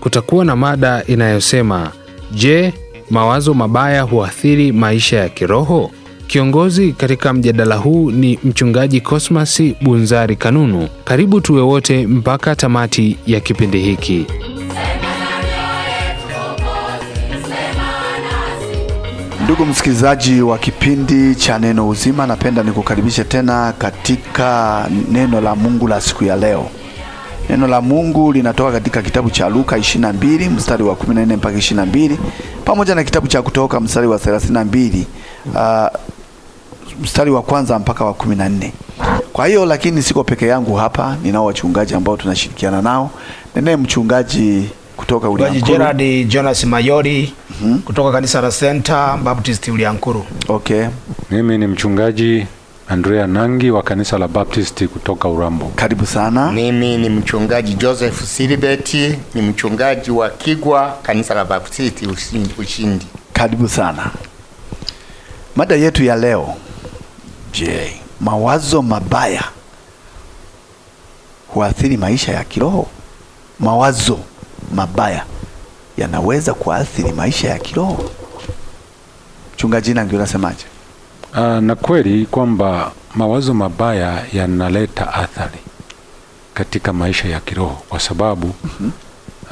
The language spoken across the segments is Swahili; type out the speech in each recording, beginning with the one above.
kutakuwa na mada inayosema je, mawazo mabaya huathiri maisha ya kiroho? Kiongozi katika mjadala huu ni mchungaji Cosmas Bunzari Kanunu. Karibu tuwe wote mpaka tamati ya kipindi hiki. Ndugu msikilizaji wa kipindi cha Neno Uzima, napenda nikukaribishe tena katika neno la Mungu la siku ya leo. Neno la Mungu linatoka katika kitabu cha Luka 22 mstari wa 14 mpaka 22 pamoja na kitabu cha Kutoka mstari wa 32 uh, ah, mstari wa kwanza mpaka wa 14. Kwa hiyo lakini siko peke yangu hapa, ninao wachungaji ambao tunashirikiana nao. Nene mchungaji kutoka Uliankuru. Gerard Jonas Mayori mm -hmm. kutoka kanisa la Center Baptist Uliankuru. Okay. Mimi ni mchungaji Andrea Nangi wa kanisa la Baptisti kutoka Urambo. Karibu sana. Mimi ni mchungaji Joseph Silibeti, ni mchungaji wa Kigwa kanisa la Baptisti Ushindi. Karibu sana. Mada yetu ya leo, je, mawazo mabaya huathiri maisha ya kiroho? Mawazo mabaya yanaweza kuathiri maisha ya kiroho? Mchungaji Nangi, unasemaje? Uh, na kweli kwamba mawazo mabaya yanaleta athari katika maisha ya kiroho kwa sababu mm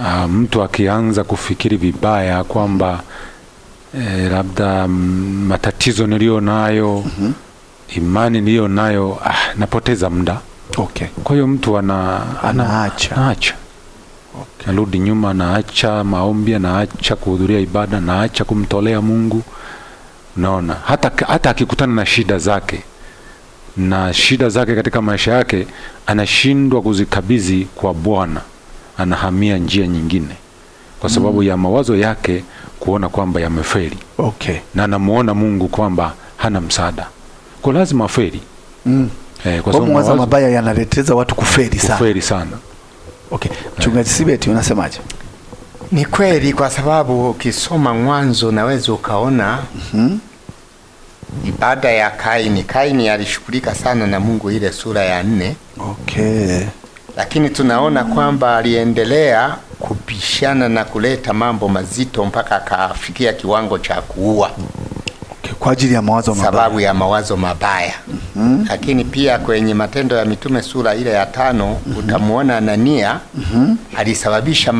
-hmm. uh, mtu akianza kufikiri vibaya kwamba eh, labda matatizo niliyo nayo mm -hmm. imani niliyo nayo ah, napoteza muda. Okay. Kwa hiyo mtu ana, ana, anaacha, anaacha. Okay. Narudi nyuma, naacha maombi, naacha kuhudhuria ibada, naacha kumtolea Mungu Unaona, hata hata akikutana na shida zake na shida zake katika maisha yake anashindwa kuzikabidhi kwa Bwana, anahamia njia nyingine kwa sababu mm. ya mawazo yake kuona kwamba yamefeli. Okay. Na anamuona Mungu kwamba hana msaada, kwa lazima afeli mm. eh, kwa sababu mawazo mabaya yanaleteza watu kufeli sana, kufeli sana. Okay. Chungaji Sibeti unasemaje? Ni kweli kwa sababu ukisoma Mwanzo naweza ukaona mm -hmm. ibada ya Kaini. Kaini alishughulika sana na Mungu, ile sura ya nne. Okay. Lakini tunaona kwamba aliendelea kupishana na kuleta mambo mazito mpaka akafikia kiwango cha kuua kwa ajili ya mawazo mabaya, sababu ya mawazo mabaya. Mm-hmm. Lakini pia kwenye Matendo ya Mitume sura ile ya tano mm-hmm. utamwona Anania mm-hmm. alisababisha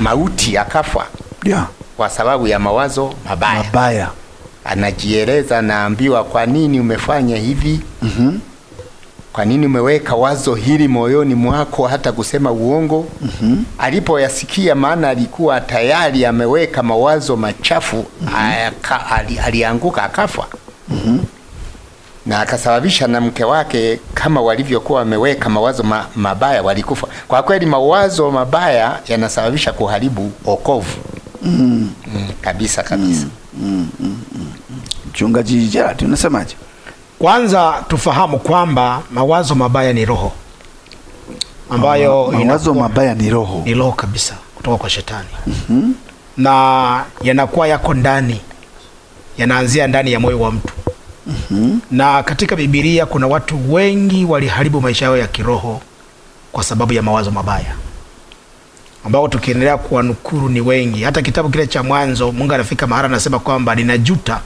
mauti akafa, yeah. kwa sababu ya mawazo mabaya, mabaya. Anajieleza, naambiwa kwa nini umefanya hivi? mm-hmm kwa nini umeweka wazo hili moyoni mwako hata kusema uongo? mm -hmm. Alipoyasikia, maana alikuwa tayari ameweka mawazo machafu mm -hmm. Alianguka akafa mm -hmm. na akasababisha na mke wake kama walivyokuwa wameweka mawazo ma, mabaya walikufa. Kwa kweli mawazo mabaya yanasababisha kuharibu okovu mm -hmm. mm, kabisa kabisa. mm -hmm. mm -hmm. Mchungaji Gerald, unasemaje? Kwanza tufahamu kwamba mawazo mabaya ni roho ambayo Ma, mawazo mabaya ni roho, ni roho kabisa kutoka kwa shetani mm -hmm. na yanakuwa yako ndani, yanaanzia ndani ya moyo wa mtu mm -hmm. na katika Biblia kuna watu wengi waliharibu maisha yao ya kiroho kwa sababu ya mawazo mabaya ambao tukiendelea kuwanukuru ni wengi. Hata kitabu kile cha Mwanzo, Mungu anafika mahali anasema kwamba ninajuta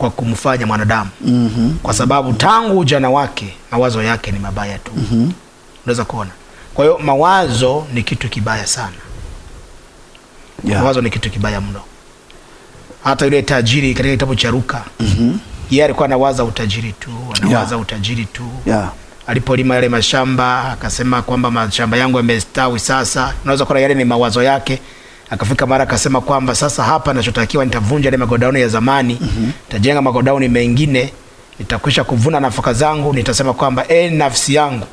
kwa kumfanya mwanadamu mm -hmm. kwa sababu tangu ujana wake mawazo yake ni mabaya tu mm -hmm. unaweza kuona. Kwa hiyo mawazo ni kitu kibaya sana yeah. mawazo ni kitu kibaya mno. Hata yule tajiri katika kitabu cha Luka mm -hmm. yeye alikuwa anawaza utajiri tu, anawaza yeah. utajiri tu yeah. Alipolima yale mashamba akasema kwamba mashamba yangu yamestawi sasa. Unaweza kuona yale ni mawazo yake Akafika mara akasema kwamba sasa hapa nachotakiwa nitavunja ile magodauni ya zamani nitajenga mm -hmm. tajenga magodauni mengine, nitakwisha kuvuna nafaka zangu, nitasema kwamba e, nafsi yangu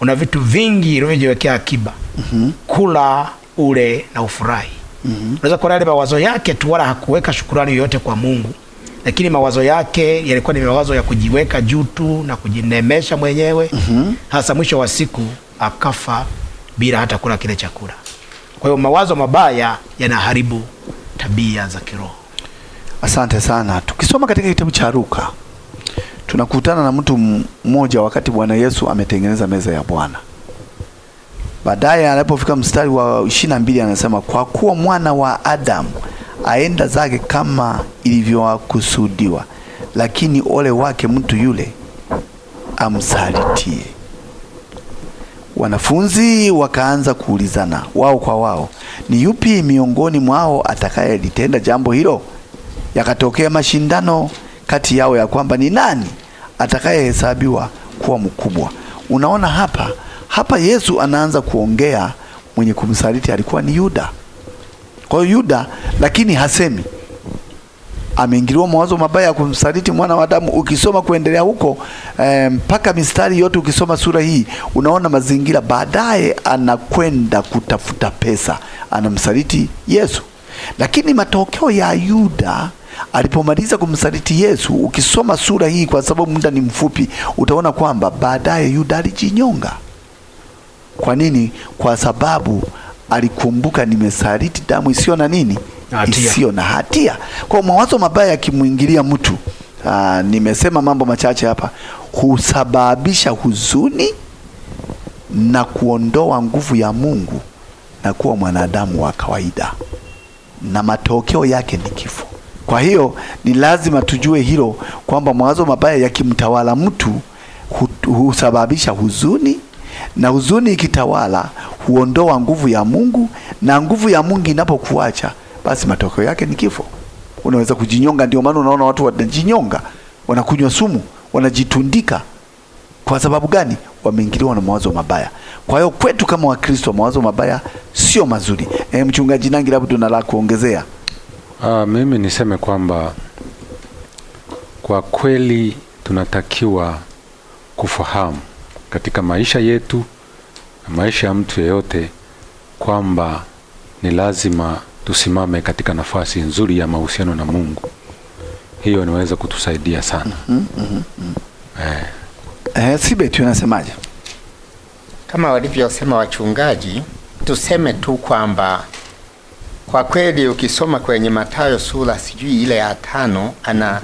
una vitu vingi ulivyojiwekea akiba mm -hmm. kula ule na ufurahi. mm -hmm. Unaweza kuona ile mawazo yake tu, wala hakuweka shukurani yoyote kwa Mungu, lakini mawazo yake yalikuwa ni mawazo ya kujiweka juu tu na kujinemesha mwenyewe. mm -hmm. Hasa mwisho wa siku akafa bila hata kula kile chakula. Kwa hiyo mawazo mabaya yanaharibu tabia za kiroho. Asante sana. Tukisoma katika kitabu cha Luka tunakutana na mtu mmoja, wakati Bwana Yesu ametengeneza meza ya Bwana. Baadaye anapofika mstari wa ishirini na mbili anasema kwa kuwa mwana wa Adamu aenda zake kama ilivyokusudiwa, lakini ole wake mtu yule amsalitie. Wanafunzi wakaanza kuulizana wao kwa wao, ni yupi miongoni mwao atakayelitenda jambo hilo. Yakatokea mashindano kati yao ya kwamba ni nani atakayehesabiwa kuwa mkubwa. Unaona hapa hapa Yesu anaanza kuongea, mwenye kumsaliti alikuwa ni Yuda. Kwa hiyo Yuda, lakini hasemi ameingiliwa mawazo mabaya ya kumsaliti mwana wa Adamu. Ukisoma kuendelea huko eh, mpaka um, mistari yote, ukisoma sura hii unaona mazingira. Baadaye anakwenda kutafuta pesa, anamsaliti Yesu. Lakini matokeo ya Yuda alipomaliza kumsaliti Yesu, ukisoma sura hii, kwa sababu muda ni mfupi, utaona kwamba baadaye Yuda alijinyonga. Kwa nini? Kwa sababu alikumbuka nimesaliti damu isiyo na nini isiyo na hatia. Kwa mawazo mabaya yakimwingilia mtu aa, ah, nimesema mambo machache hapa, husababisha huzuni na kuondoa nguvu ya Mungu na kuwa mwanadamu wa kawaida, na matokeo yake ni kifo. Kwa hiyo ni lazima tujue hilo kwamba mawazo mabaya yakimtawala mtu husababisha huzuni, na huzuni ikitawala huondoa nguvu ya Mungu, na nguvu ya Mungu inapokuacha basi matokeo yake ni kifo. Unaweza kujinyonga. Ndio maana unaona watu wanajinyonga, wanakunywa sumu, wanajitundika. Kwa sababu gani? Wameingiliwa na mawazo mabaya. Kwa hiyo kwetu kama Wakristo mawazo mabaya sio mazuri. E, Mchungaji Nangi, labda tuna la kuongezea? Ah, mimi niseme kwamba kwa kweli tunatakiwa kufahamu katika maisha yetu na maisha ya mtu yeyote kwamba ni lazima tusimame katika nafasi nzuri ya mahusiano na Mungu, hiyo inaweza kutusaidia sana. mm -hmm, mm -hmm. Eh. Eh, Sibe tu unasemaje? Kama walivyosema wachungaji, tuseme tu kwamba kwa kweli ukisoma kwenye Mathayo sura sijui ile ya tano ana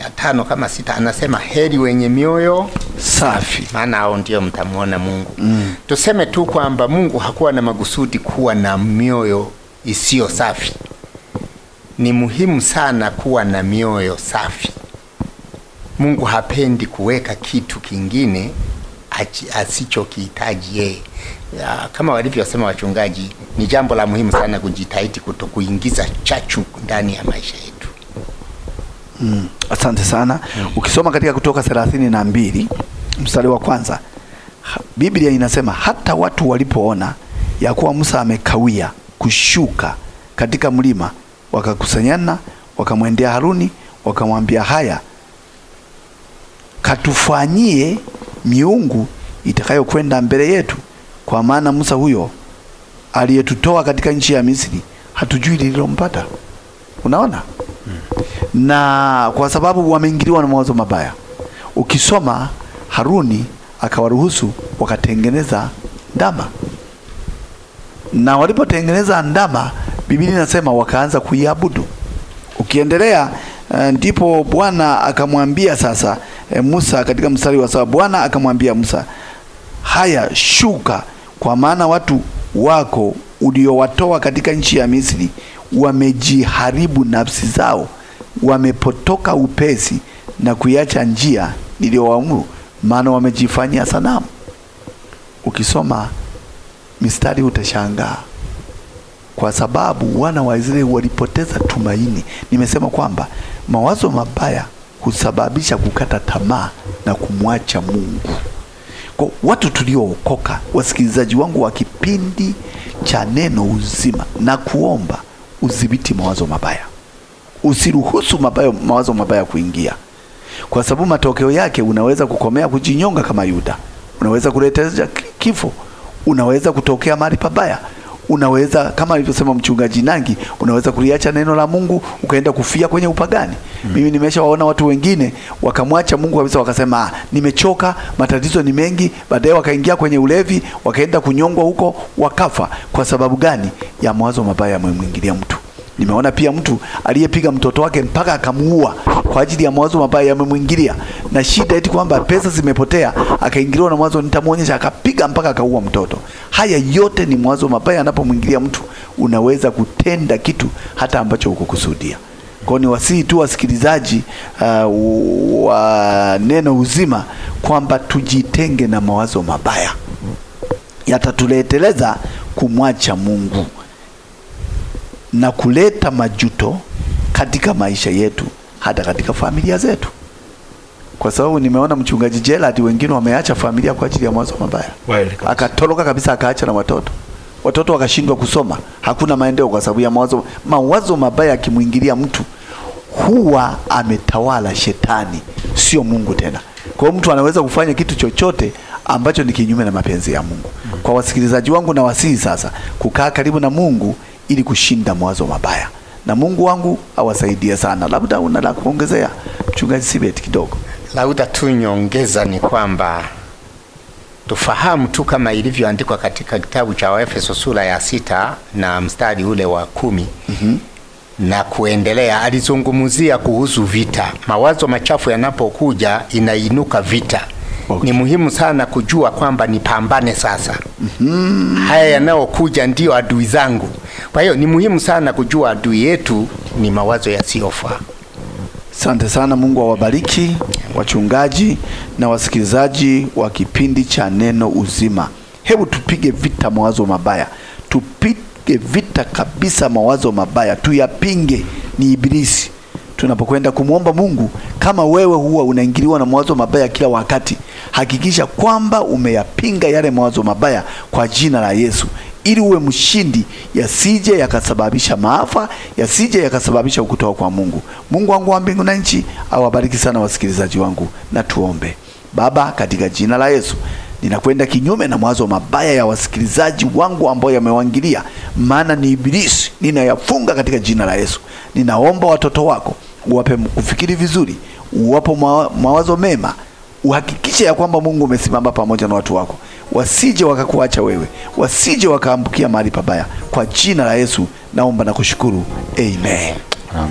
ya tano kama sita anasema heri wenye mioyo safi, maana hao ndio mtamwona Mungu. mm. Tuseme tu kwamba Mungu hakuwa na magusudi kuwa na mioyo isiyo safi. Ni muhimu sana kuwa na mioyo safi. Mungu hapendi kuweka kitu kingine asichokihitaji yeye. Kama walivyosema wachungaji, ni jambo la muhimu sana kujitahidi kutokuingiza chachu ndani ya maisha yetu. Mm, asante sana mm. Ukisoma katika Kutoka thelathini na mbili mstari wa kwanza Biblia inasema hata watu walipoona ya kuwa Musa amekawia kushuka katika mlima, wakakusanyana, wakamwendea Haruni, wakamwambia haya, katufanyie miungu itakayokwenda mbele yetu, kwa maana Musa huyo aliyetutoa katika nchi ya Misri hatujui lililompata. Unaona hmm. Na kwa sababu wameingiliwa na mawazo mabaya, ukisoma Haruni akawaruhusu wakatengeneza ndama na walipotengeneza ndama, Biblia inasema wakaanza kuiabudu. Ukiendelea eh, ndipo Bwana akamwambia sasa e, Musa katika mstari wa saba, Bwana akamwambia Musa, haya shuka, kwa maana watu wako uliowatoa katika nchi ya Misri wamejiharibu nafsi zao, wamepotoka upesi na kuiacha njia niliyowaamuru, maana wamejifanyia sanamu. Ukisoma mistari utashangaa, kwa sababu wana wa Israeli walipoteza tumaini. Nimesema kwamba mawazo mabaya husababisha kukata tamaa na kumwacha Mungu. Kwa watu tuliookoka, wasikilizaji wangu wa kipindi cha Neno Uzima, na kuomba udhibiti mawazo mabaya, usiruhusu mabayo, mawazo mabaya kuingia, kwa sababu matokeo yake unaweza kukomea kujinyonga kama Yuda, unaweza kuleteza kifo unaweza kutokea mahali pabaya unaweza kama alivyosema mchungaji Nangi, unaweza kuliacha neno la Mungu ukaenda kufia kwenye upagani. mm. Mimi nimeshawaona watu wengine wakamwacha Mungu kabisa, wakasema ah, nimechoka, matatizo ni mengi, baadaye wakaingia kwenye ulevi, wakaenda kunyongwa huko, wakafa. Kwa sababu gani? ya mawazo mabaya yamemwingilia mtu. Nimeona pia mtu aliyepiga mtoto wake mpaka akamuua, kwa ajili ya mawazo mabaya yamemwingilia, na shida eti kwamba pesa zimepotea, akaingiliwa na mawazo nitamwonyesha, akapiga mpaka akaua mtoto. Haya yote ni mawazo mabaya. Anapomwingilia mtu, unaweza kutenda kitu hata ambacho hukukusudia. Kwa ni wasihi tu wasikilizaji uh, wa Neno Uzima kwamba tujitenge na mawazo mabaya, yatatuleteleza kumwacha Mungu na kuleta majuto katika maisha yetu hata katika familia zetu, kwa sababu nimeona mchungaji Gerald, wengine wameacha familia kwa ajili ya mawazo mabaya, akatoroka kabisa, akaacha na watoto, watoto wakashindwa kusoma, hakuna maendeleo kwa sababu ya mawazo. Mawazo mabaya yakimwingilia mtu huwa ametawala shetani, sio Mungu tena. Kwa mtu anaweza kufanya kitu chochote ambacho ni kinyume na mapenzi ya Mungu. Kwa wasikilizaji wangu, na wasii sasa kukaa karibu na Mungu ili kushinda mawazo mabaya na Mungu wangu awasaidie sana. Labda una la kuongezea mchungaji Sibet kidogo? Labda tu nyongeza ni kwamba tufahamu tu kama ilivyoandikwa katika kitabu cha Waefeso sura ya sita na mstari ule wa kumi mm -hmm na kuendelea, alizungumzia kuhusu vita. Mawazo machafu yanapokuja, inainuka vita. Okay. Ni muhimu sana kujua kwamba nipambane sasa. mm -hmm. Haya yanayokuja ndiyo adui zangu. Kwa hiyo ni muhimu sana kujua adui yetu ni mawazo yasiyofaa. Asante sana. Mungu awabariki wa wachungaji na wasikilizaji wa kipindi cha Neno Uzima. Hebu tupige vita mawazo mabaya, tupige vita kabisa mawazo mabaya, tuyapinge. Ni Ibilisi tunapokwenda kumwomba Mungu. Kama wewe huwa unaingiliwa na mawazo mabaya kila wakati, hakikisha kwamba umeyapinga yale mawazo mabaya kwa jina la Yesu, ili uwe mshindi, yasije yakasababisha maafa, yasije yakasababisha ukutoa kwa Mungu. Mungu wangu wa mbingu na nchi awabariki sana wasikilizaji wangu, na tuombe. Baba, katika jina la Yesu ninakwenda kinyume na mawazo mabaya ya wasikilizaji wangu ambao yamewangilia, maana ni Ibilisi, ninayafunga katika jina la Yesu. Ninaomba watoto wako uwape kufikiri vizuri, uwapo mawazo mema uhakikishe ya kwamba Mungu umesimama pamoja na watu wako, wasije wakakuacha wewe, wasije wakaambukia mahali pabaya. Kwa jina la Yesu naomba na kushukuru, amen,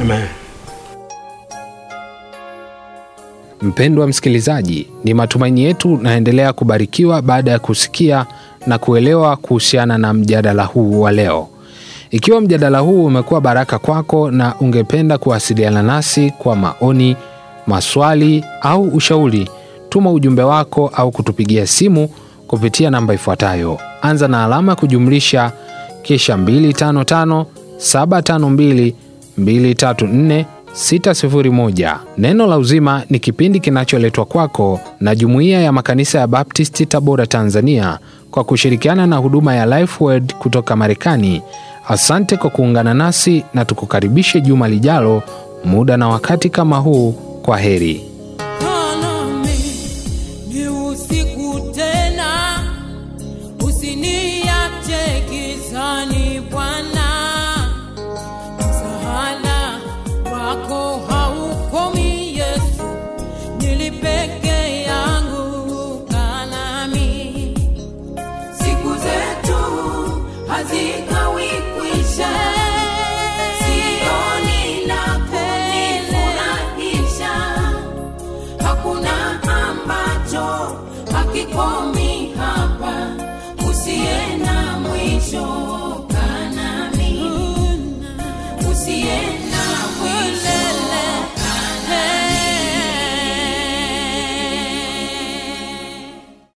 amen. Mpendwa msikilizaji, ni matumaini yetu naendelea kubarikiwa baada ya kusikia na kuelewa kuhusiana na mjadala huu wa leo. Ikiwa mjadala huu umekuwa baraka kwako na ungependa kuwasiliana nasi kwa maoni, maswali au ushauri tuma ujumbe wako au kutupigia simu kupitia namba ifuatayo: anza na alama kujumlisha kisha 255 Neno la Uzima ni kipindi kinacholetwa kwako na Jumuiya ya Makanisa ya Baptisti Tabora, Tanzania, kwa kushirikiana na huduma ya Lifeword kutoka Marekani. Asante kwa kuungana nasi na tukukaribishe juma lijalo, muda na wakati kama huu. Kwa heri. Azika